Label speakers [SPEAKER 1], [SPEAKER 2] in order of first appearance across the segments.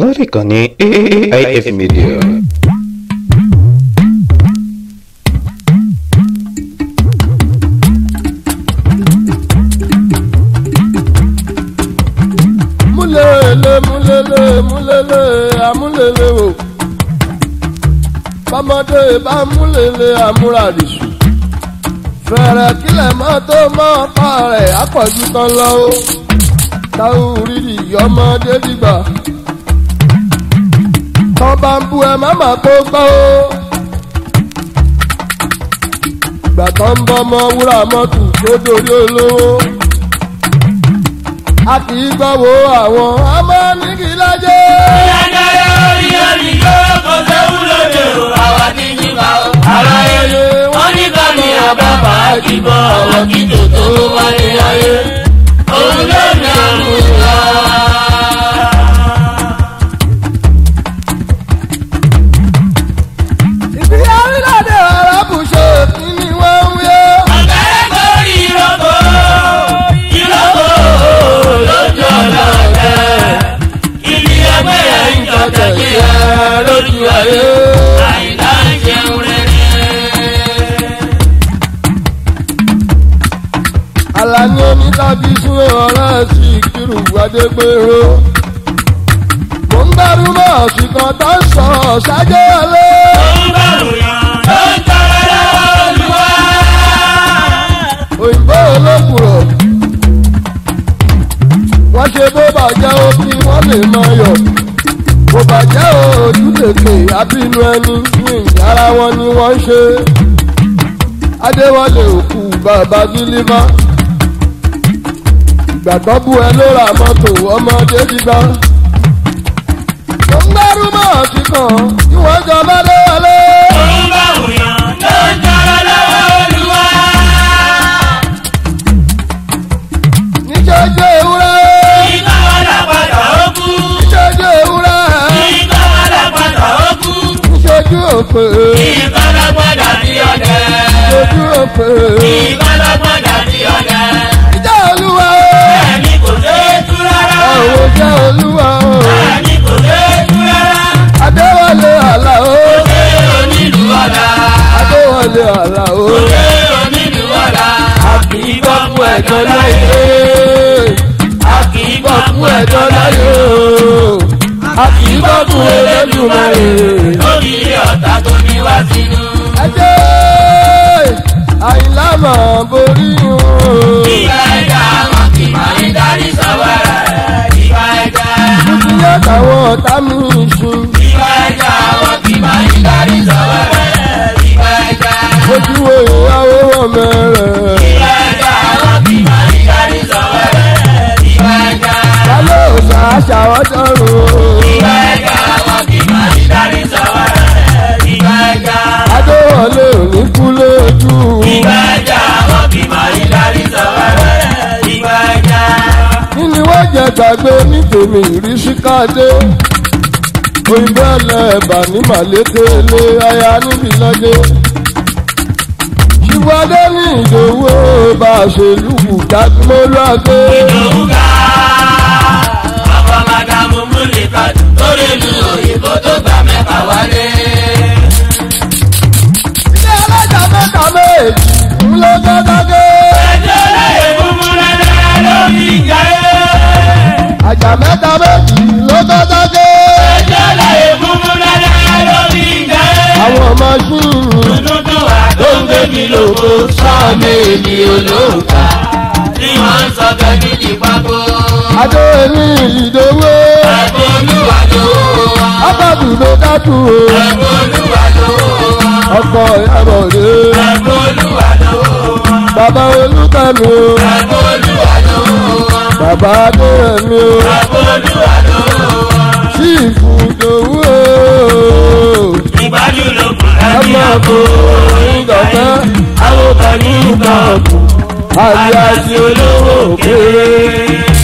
[SPEAKER 1] lórí ìkànnì AIF Media. múlẹ̀lẹ̀ múlẹ̀lẹ̀ múlẹ̀lẹ̀ amúlẹ̀lẹ̀ o bọ́mọdé bá múlẹ̀lẹ̀ amúradìsù fẹ̀rẹ̀ kílẹ̀ mọ́ tó mọ́ ọ̀pá rẹ̀ àpọ̀jù kan lọ́wọ́ táwọn orí ìyọ́mọdé dìgbà tọ́ba ń bu ẹ mọ́mọ́ kó gbọ́ o. ìgbà tó ń bọ́ ọmọ wúrà mọ́tò tó dorí olówó. a kì í gbọ́wọ́ àwọn ọmọ nígi lájẹ́. ìyáda lórí omi yóò kó sẹ́wù lóde o àwa ní yíba o. àwa yẹlẹ wọn ní kàmí àbábà àkìbọ̀ ọ̀wọ́ kí tòótọ́ wọlé ayé. òun ló ní àmúlò. àti ìlú ẹni ní ìyára wọn ni wọ́n ṣe. Adéwọlé òkú bàbá Gílímà. Ìgbàgbọ́ bú ẹ ló ra mọ́tò ọmọdé gbígbá. Mo ń gbárùmọ̀ ọ̀sìn kan tí jọ bá dé wọlé. òpè. nǹkan lọ́gbọ́n dàbí ọ̀dẹ. lójú òpè. nǹkan lọ́gbọ́n dàbí ọ̀dẹ. ìjẹ́ olúwa o. ẹ̀mí kò dé tú rárá. àwọn ìjẹ́ olúwa o. ẹ̀mí kò dé tú rárá. adéwọlé àlà o. òde onílùú ọ̀la. adéwọlé àlà o. òde onílùú ọ̀la. àbí gbọ́ fún ẹ̀jọ̀ láyé. a kì í gbógun Elédùmarè. lórí ọ̀tá tó ní wá sínú. ẹjẹ́ àyìnlá máa borí wọn. ìgbà ẹja wọn kì máa ń darí sọ́wọ́ rẹ̀. ìgbà ẹja. ìgbà ẹja wọn kì máa ń darí sọ́wọ́ rẹ̀. gbàgbé nítorí ìrísíkádé òyìnbó ẹlẹ́ẹ̀bà ní màlékélé aya níbi lọ́jẹ́ ṣùgbọ́n dé ní ìdòwò bá a ṣe lùkù dágbó lọ́gbẹ́. ìdòwú ká. Ìbàdù o. Ẹ̀bùolúwa ló wá. Ọkọ Ìyábọ̀dé. Ẹ̀bùolúwa ló wá. Bàbá Olúkàlù o. Ẹ̀bùolúwa ló wá. Bàbá Adéyẹmí o. Ẹ̀bùolúwa ló wá. Sífù Dòwú o. Ìbàdù ló kù láti àpò ìgbàfẹ́. Àwọn kan ní ìgbà ọ̀gbìn. Àyà ti olówó kéré.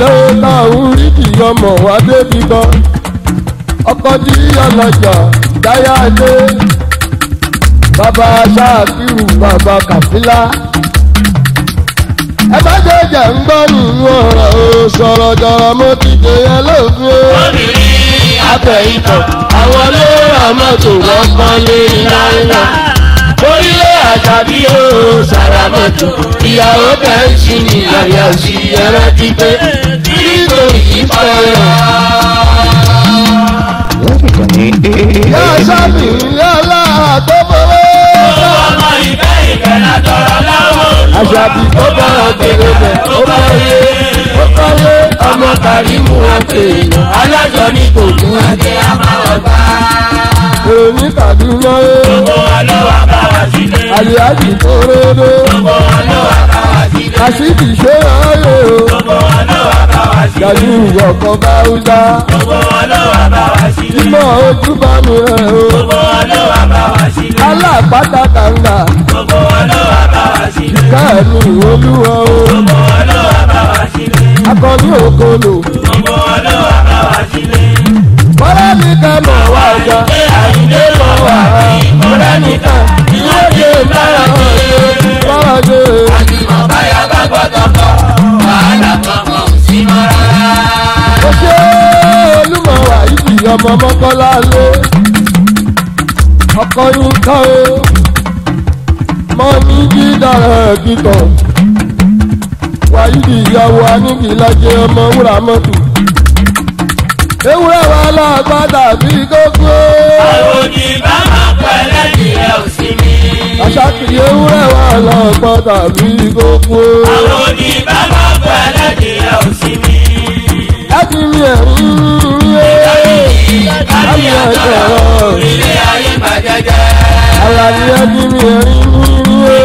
[SPEAKER 1] lóòótọ́ orídìí ọmọ wa débi gan ọkọ tí ọlọ́jà dáyà dé bàbá ṣáàfíù bàbá kàfílà ẹ bá jẹ ń gbọ́rùn ọ̀rọ̀ o sọ̀rọ̀ jọ̀rọ̀ mo ti jẹ lóògùn o. obìnrin àtẹ̀yìntàn àwọn orílẹ̀ àtàbí ó sàràmọ́tò ìyàwó kẹ́ńsì ni àyà òsì ẹ̀rọ ti gbé nítorí ìfẹ́. yóò sábì yálà tó bọ́wọ́. owó ọmọ ìfẹ́ ìfẹ́ látọ̀rọ̀ láwọn. àṣàbí tó bá ọ̀gbẹ̀rẹ̀ bẹ̀ ó bá yé ó kọ́ yé ọmọ kàrímù àgbèyàn alájọ ní kò mú àgbẹ̀ àmọ́ ọ̀gbà. èrò ní kàdúrà yé àlìyájì tó rédó. gbogbo wọn ló wà káwá sílé. àṣìkì ṣó ráyè o. gbogbo wọn ló wà káwá sílé. yàjú ọkọ̀ bá wúdà. gbogbo wọn ló wà káwá sílé. ìmọ̀ ojú bá mi rẹ̀ o. gbogbo wọn ló wà káwá sílé. alápàtà kàńgà. gbogbo wọn ló wà káwá sílé. káàmì olúwa o. gbogbo wọn ló wà akọni òkolo. gbogbo wọn ló wà bọ́lá mi kà mọ̀ wá ọjà. àyíké lára òde lára òde. ọmọ mọ́kànlá lé ọkọ yín ká o mọ ní dídára kíkọ wáyídì ìyàwó anígbìlájẹ ọmọ wúrà mọ́tò ewúrẹ́ wa lágbádà bí gógó. àwọn bá máa pẹ́ lẹ́yìn ẹ̀ òsì. Àṣàkìlì ewúrẹ́ wà lọ́pọ̀ tàbí kókó. Àwọn òní bá máa bọ̀ ẹlẹ́dìí ẹ̀ mi. E. Láti mi ẹ̀ ń rí ẹ́. Láti mi ẹ̀ ilé ayé máa jẹjẹ. Àlà ni ẹ ti mi ẹ̀ ń rí ẹ́.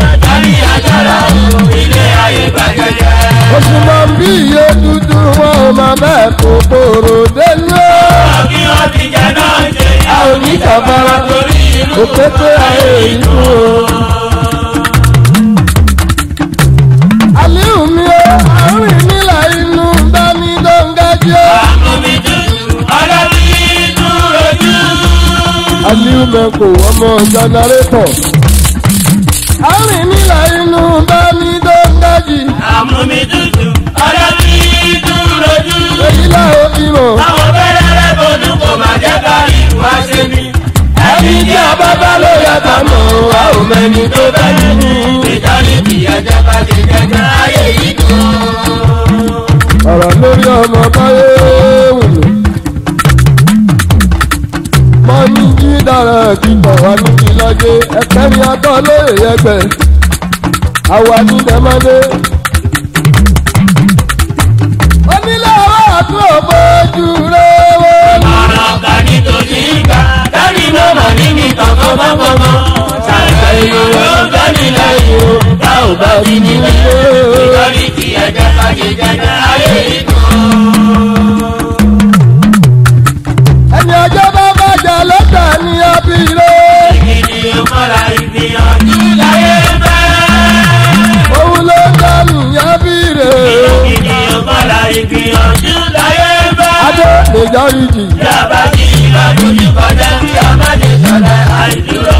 [SPEAKER 1] Láti e. mi ẹ̀ tọrọ ilé ayé máa jẹjẹ. Oṣù mọ̀ bí iye dúdú wọn ò máa bẹ́ẹ̀ kó. ìkàbára òkété ayé ìlú o. Aliyu mi o, àárín mi là inú bá mi dọ́ngájí o. Àánú mi dùn, ọlọ́run inú rojú. Aliyu mẹ́kò ọmọ jẹnẹrétọ̀. Àárín mi là inú bá mi dọ́ngájí. Àánú mi dùn, ọlọ́run inú rojú. Èyí làwọn bímọ. Àwọn bẹ́rẹ̀ rẹ̀ bọ̀ kò má jẹ́ ká ìwà ṣe mi ìdí àbábá ló yàtọ̀ mọ́ a ò mẹ́ni tó bá nínú. ìdánilẹ́bí ajá bá lè jẹjẹ ayé yìí dùn. ọ̀rọ̀ lórí ọmọ báyé wùlò. mọ́mí jí dára kíkọ̀ wá ní ìlọ́jẹ́ ẹ̀kẹ́ ni atọ́ lóye yẹgbẹ́ àwa ní dẹ́mọ́dé. mọ́mọ́mọ́ ṣàlàyé yóò bá mi láyé o bá ò bá mi nílé o. nítorí kí ẹja fàgé jẹjẹ ayé inú. ẹni ọjọ́ bá bàjẹ́ lọ́tà ni a bí lé. ìgbìdì ọmọlá ìgbìyànjú láyé bẹ́ẹ̀. òun ló ń dá nìyẹn bí rè. ìgbìdì ọmọlá ìgbìyànjú láyé bẹ́ẹ̀. adé lè yọrí jì. yàrá jáde sọ̀rọ̀ àìdúró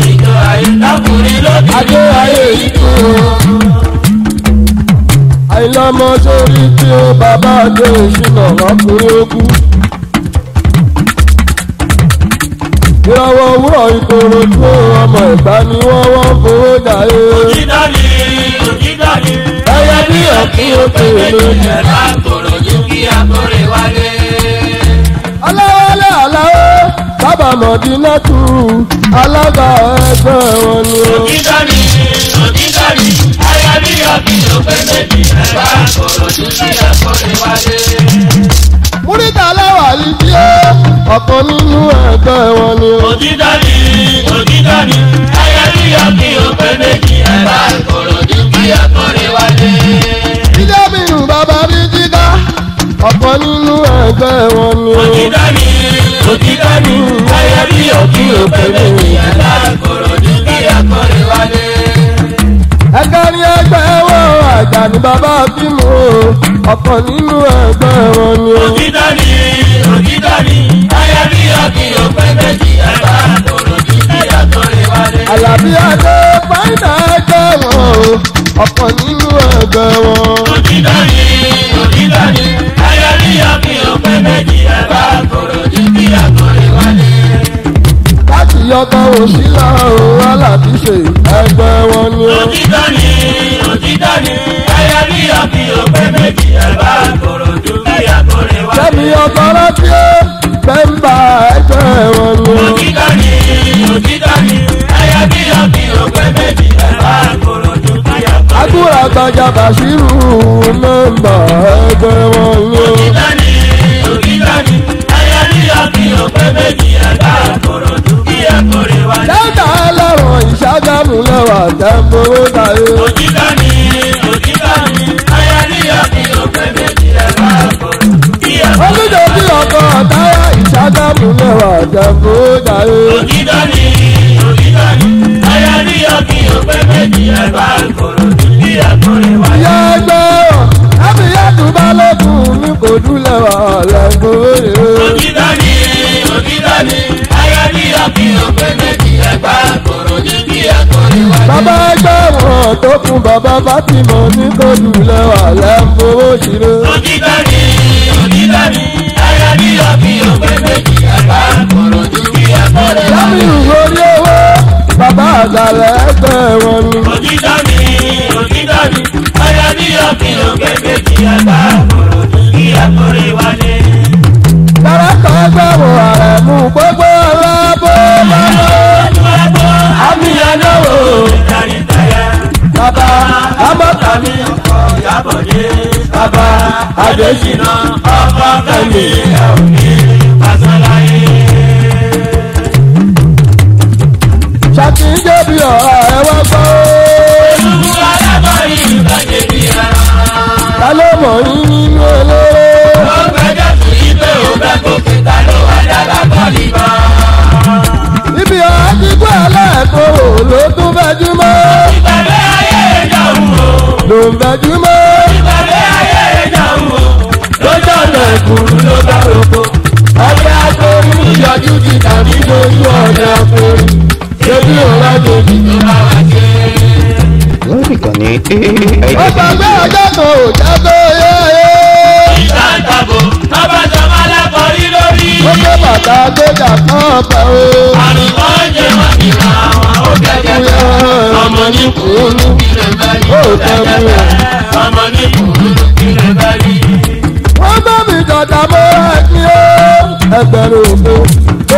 [SPEAKER 1] níjọ ayé lọ́kùnrin lóbi. Ajé ayé ìdúró. Àìlọ́mọ sórí tí ó bàbá àjọ ìṣúná lọ́kùnrin ogún. Ìràwọ̀ òwúrọ̀ Ìkòròdú ọmọ Ẹ̀gbá ni wọ́n wọ́n fowó jàre. Òjìdá ni òjìdá ni. Ẹyẹ bí ọ̀kí òkè ló jẹ̀ láti. mọ̀dínàtù alága ẹgbẹ́ wọn ni. òkìtà mi òkìtà mi aya bí ọbí ló pé méjì ẹ̀ka kòrò tó sí ẹ̀kọ́ ìwádé. múrítà aláwà lídìí ọ̀kan nínú ẹgbẹ́ wọn ni. òkìtà mi òkìtà mi aya bí ẹ̀ka kòrò sí ẹ̀kọ́ ìwádé. jíjẹ́ mi ń bàbá mi jíga ọ̀kan nínú ẹgbẹ́ wọn ni. òkìtà mi orí òkú òpèlè ìyàlá ìkòròdú kí akọrin wálé. ẹ kárí ẹgbẹ́ wo àjà ni bàbá bí mo ọ̀pọ̀ nínú ẹgbẹ́ wọn ni. òkìtọ́ ni òkìtọ́ ni ayọ̀ bí ọkì òpèlè jì alájà bàṣírù mẹ́mbà ẹgbẹ́ wọn ló. òkìtá ni òkìtá ni ayáríyá kí ọ̀pẹ méjì ẹ̀ka àkòrò tó kí ẹ̀kọ́rẹ́ wá. dáńtà ẹlẹ́wọ̀n ìṣàgámù lẹ́wà tẹ́mọ́wó táyé. òkìtá ni òkìtá ni ayáríyá kí ọ̀pẹ méjì ẹ̀ka àkòrò tó kí ẹ̀kọ́rẹ́ wá. olùdó bí ọkọ̀ táyà ìṣàgámù lẹ́wà tẹ́mọ́wó táyé. òkìtá ni òkìtá ni ayáríyá kí ọ̀pẹ méjì ẹ̀ka àkòrò yẹgbẹ́ ẹ̀mí yẹtù bá lókun ní kò dúlẹ̀ wà lẹ́kọ̀ọ́ rẹ̀. òkìtá ni òkìtá ni ayé bí àfihàn pé méjì ẹgbà kòrò ní kí ẹkọrin wájú. bàbá ẹgbẹ́ wọn tó kún bàbá Fatima ní kò dúlẹ̀ wà lẹ́kọ̀ọ́ ṣeré. òkìtá ni ayé bí àfihàn pé méjì ẹgbà kòrò ní kí ẹkọrin wájú. lámì ìwúrí owó bàbá àgbàlẹ̀ ẹgbẹ́ wọn ni. òkìtá kí ló gbé méjì àgbà àbúrò kí àkórè wálé. Dáràkọ̀ gbàwọ̀ ààrẹ mú gbogbo ọlá bó bá lọ. Àmì àdáwò ìdarí tẹ̀yẹ. Bàbá Amọ́ta mi ọkọ̀ Ìyábọ̀dé. Bàbá Adésínà ọkọ̀ Kẹ́mi ẹ̀ ò ní Fásáláyé. Ṣàtìjẹ́bí gbọ́. alómọ nínú olóró. ó gbẹjọ́ sí ibẹ̀ o bẹ́ gòkè ta ló wá dára bọ́ọ̀lì mọ́. ibi àtìkú ẹlẹ́ẹ̀kọ́ ló tún gbajúmọ̀. ìbẹ̀rẹ̀ ayé ẹ̀jọ̀ ń wò. ló ń gbajúmọ̀. ìbẹ̀rẹ̀ ayé ẹ̀jọ̀ ń wò. lójó ọ̀nà ìkùrù ló bá roko. ọbẹ̀ akórí yọjú ti tàbí lójú ọ̀nà akórí. ṣé bí òun bá dòbí tó bá ó sọ pé ọjọ́ kan ò jágó yéyé. ìta ń tabo tọ́bọ̀tọ́ máa lákọ̀ọ́rí lórí. ó gbé bàtà gbéjà kan pẹ̀ o. àrùn tó ń jẹ wọn kì í ra àwọn ó ọmọ ní kùnú kí lè bá yí. ọmọ ní kùnú kí lè bá yí. wọ́n bá mi jọ̀dá mọ́ra ẹ̀kí ó ẹgbẹ̀rún òfin.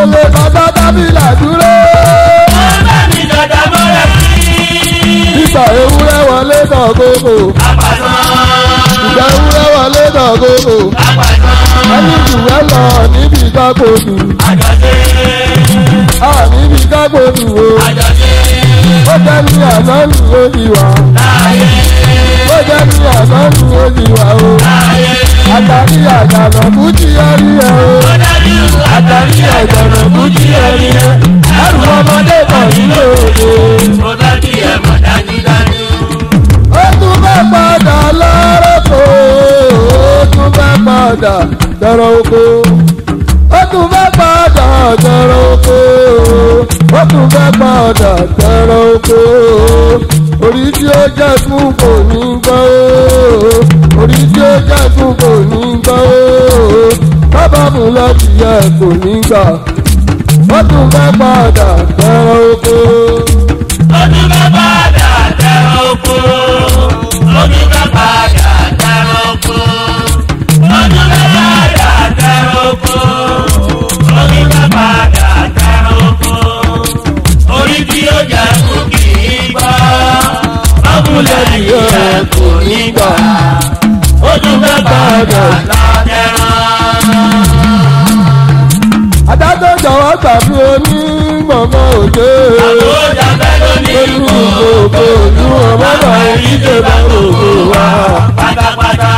[SPEAKER 1] olè bàbá bábí dúró. sà ewúrẹ́ wọlé tàn kókò. ìjà ewúrẹ́ wọlé tàn kókò. ẹni jùwẹ́ lọ níbi ìdákòdù. a níbi ìdákòdù o. ó jẹ́ ní àná ní òbí wa. ó jẹ́ ní àná ní òbí wa o. àtàrí àjànà kújì ẹrí ẹ o. àtàrí àjànà kújì ẹrí ẹ. ẹrù ọmọdé kan nílò òde. mo bá kí mọ̀ dání. padà tọrọ oko ó tún fẹ́ padà tọrọ oko ó tún fẹ́ padà tọrọ oko orí tí ó jẹ́ fún kò ní gbọ́ orí tí ó jẹ́ fún kò ní gbọ́ kábàámù láti yẹ kò ní gbà ó tún fẹ́ padà tọrọ oko. lórí rẹ̀ kò ní gbà ojú mẹ́ta ọ̀dọ̀ lábẹ́rán. adájọ́ jọ̀wọ́ tàbí oní gbọ̀ngàn òjò. àbójà bẹ́ẹ̀ ló ní ìlú òkò ojú ọmọ náà ìjọba òkò wa pátápátá.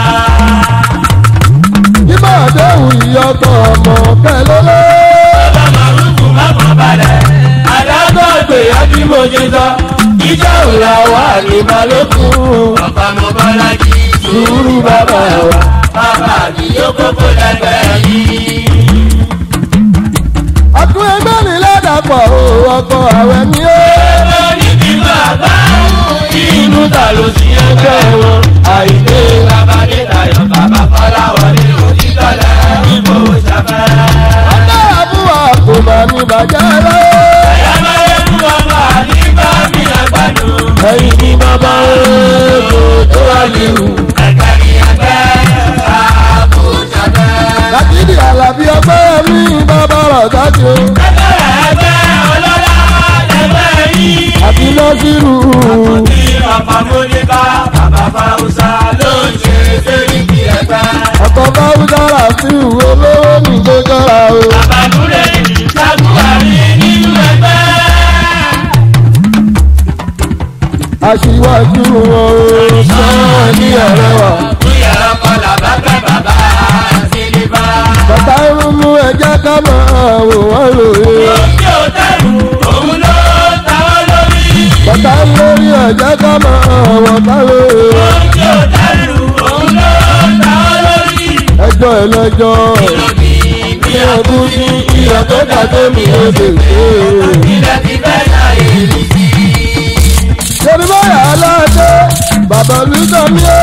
[SPEAKER 1] ìmọ̀ àdéhùn ìyọ̀tọ̀ ọmọ kẹlẹ́lẹ́. bàbá màrúkú má kàn balẹ̀ adájọ́ ìgbéyàwó ni mo ìdáhùn la wà ní balógun. bàbá mo bọ́lájí. sùúrù bàbá wa. bàbá mi yóò kókó lágbára yìí. ọdún ẹgbẹ́ mi ládàpọ̀ ọkọ̀ àwẹ̀ mi ó. ẹgbẹ́ mi ti bàbá inú ta ló sì ẹgbẹ́ wọn. àìdè bàbá dé tayọ̀ bàbá fọlá wọlé òní tọ́lá ìbò ṣàfẹ́. ọ̀dọ́ àbúrò kò mi bàjẹ́ lọ́wọ́. ẹ̀yin ni bàbá èkó tó àlìhù. ẹ̀ka ni ẹgbẹ́ ààbò jábẹ́. lákìdí àlàbí ọgbẹ́ mi bàbá rọ̀ dájú. ẹgbẹ́ ẹgbẹ́ ọlọ́lá lẹ́gbẹ́ yìí. àbí lọ́sírù. àkùnrin ọ̀pá mọ́lẹ́bá. jẹ́ ká máa wọ̀ sáré. ohun tí ò dẹ́rù òun ló ta ọ́ lórí. ẹjọ́ ẹlẹ́jọ́. ìrọ̀bì mi ò kú sí iyọ̀ tó dà mi ò lè ṣe. ilẹ̀ ti fẹ́ náà èyí sí. yorùbá yà á láàdé bàbá lùdọ̀ mi ó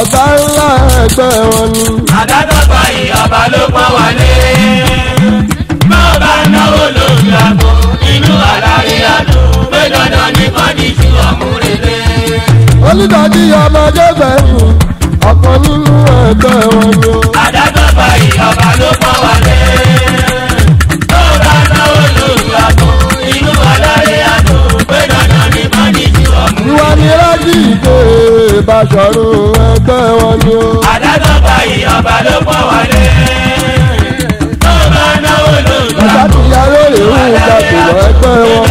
[SPEAKER 1] ọ̀tá ńlá ẹgbẹ́ wọn ni. àdàtọ̀ báyìí ọba ló pọ́n wálé. máa bá náwó lórí àgbo inú àlàáfíà dùn dandan ní kọ́díṣù ọ̀múrelé. onídàájí ọmọ jẹ́gbẹ̀rún ọ̀kan nínú ẹgbẹ́ wọn ni o. adájọ́ báyìí ọba ló pọ̀ wálé. tó bá náwó lóru àgùn inú aláre àdùn pé dandan ní kọ́díṣù ọ̀múrelé. ìwà ni rájì ìgbé ìbáṣọ̀rùn ẹgbẹ́ wọn ni o. adájọ́ báyìí ọba ló pọ̀ wálé. tó bá náwó lóru àgùn inú aláre àdùn pé dandan ní kọ́díṣù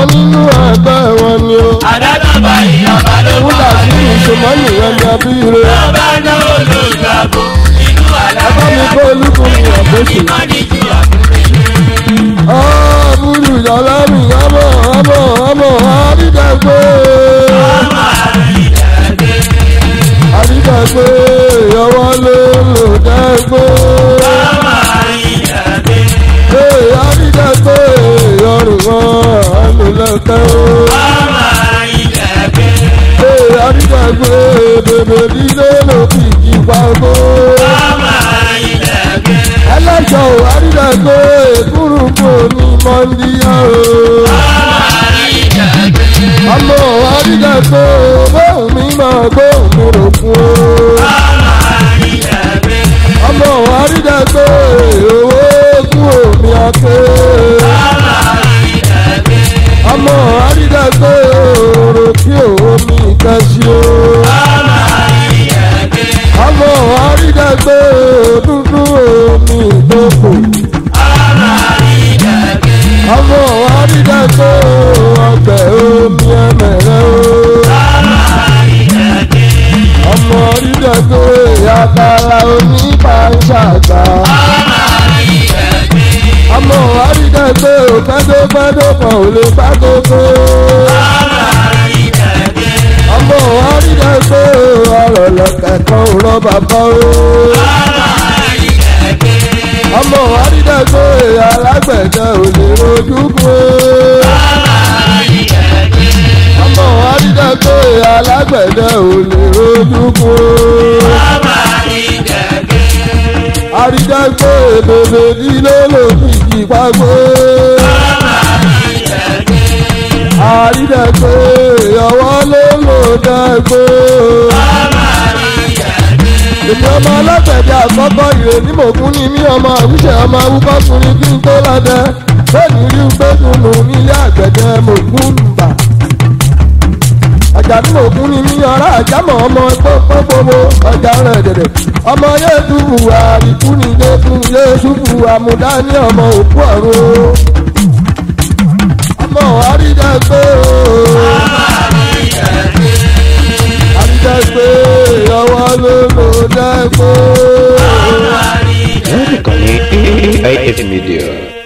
[SPEAKER 1] ọ̀kan nínú ẹgbẹ́ wọn ni o. àdàdàbà ìyàbá ló bá wà ní. wúdà sí ìṣòmọ́nì rẹ̀ ní abíire. bàbá náà olùgbàgbọ́ inú àlàyé. bàbá mi kó olúkúmi àbóṣe. ìmọ̀ ní ju àbúrò. ọ̀ọ́ búrú ìdálẹ́rù ọmọ ọmọ ọmọ àrídàgbé. ìdàgbẹ́ o. ọmọ ìdàgbẹ́. ee onídàgbẹ́ bèbè líle lòkìkì pa oko. ọmọ ìdàgbẹ́. ẹlẹ́jọ̀ onídàgbẹ́. gbọ́dọ̀pọ̀ ò lè bá gbogbo. ọmọ àrídàgbé ọ̀rọ̀ lọ́kàkọ́ òrọ̀ bàbá o. ọmọ àrídàgbé alágbẹ̀dẹ ò lè rojú bò. ọmọ àrídàgbé alágbẹ̀dẹ ò lè rojú bò. àrídàgbé bèbè nílò lòdì ìpàgbé àrídẹ́gbẹ́ ọwọ́ ló lò dẹ́gbẹ́. ọmọ àrídẹ́gbẹ́. èmi ọmọ ọlọ́gbẹ̀dẹ àkọ́kọ́ ìrè ní ni mí ọmọ àwùjẹ ọmọ awúkọ́ sunni kí n tó lọ́dẹ. bẹ́ẹ̀ni rí gbẹ́dùn nù nílé àgbẹ̀dẹ mògún nùbà. ọjà ní mògún ni mí ọ̀rá àjámọ̀ ọmọ pọ́pọ́ gbogbo ọjà rẹ̀ dẹ̀dẹ̀. ọmọ yéésù ọmọ òkú ọ̀run mọ̀ àrídẹ́gbé o. àrídẹ́gbé ọwọ́ ló lò dẹ́gbó. lórí ìkànnì AIF Media.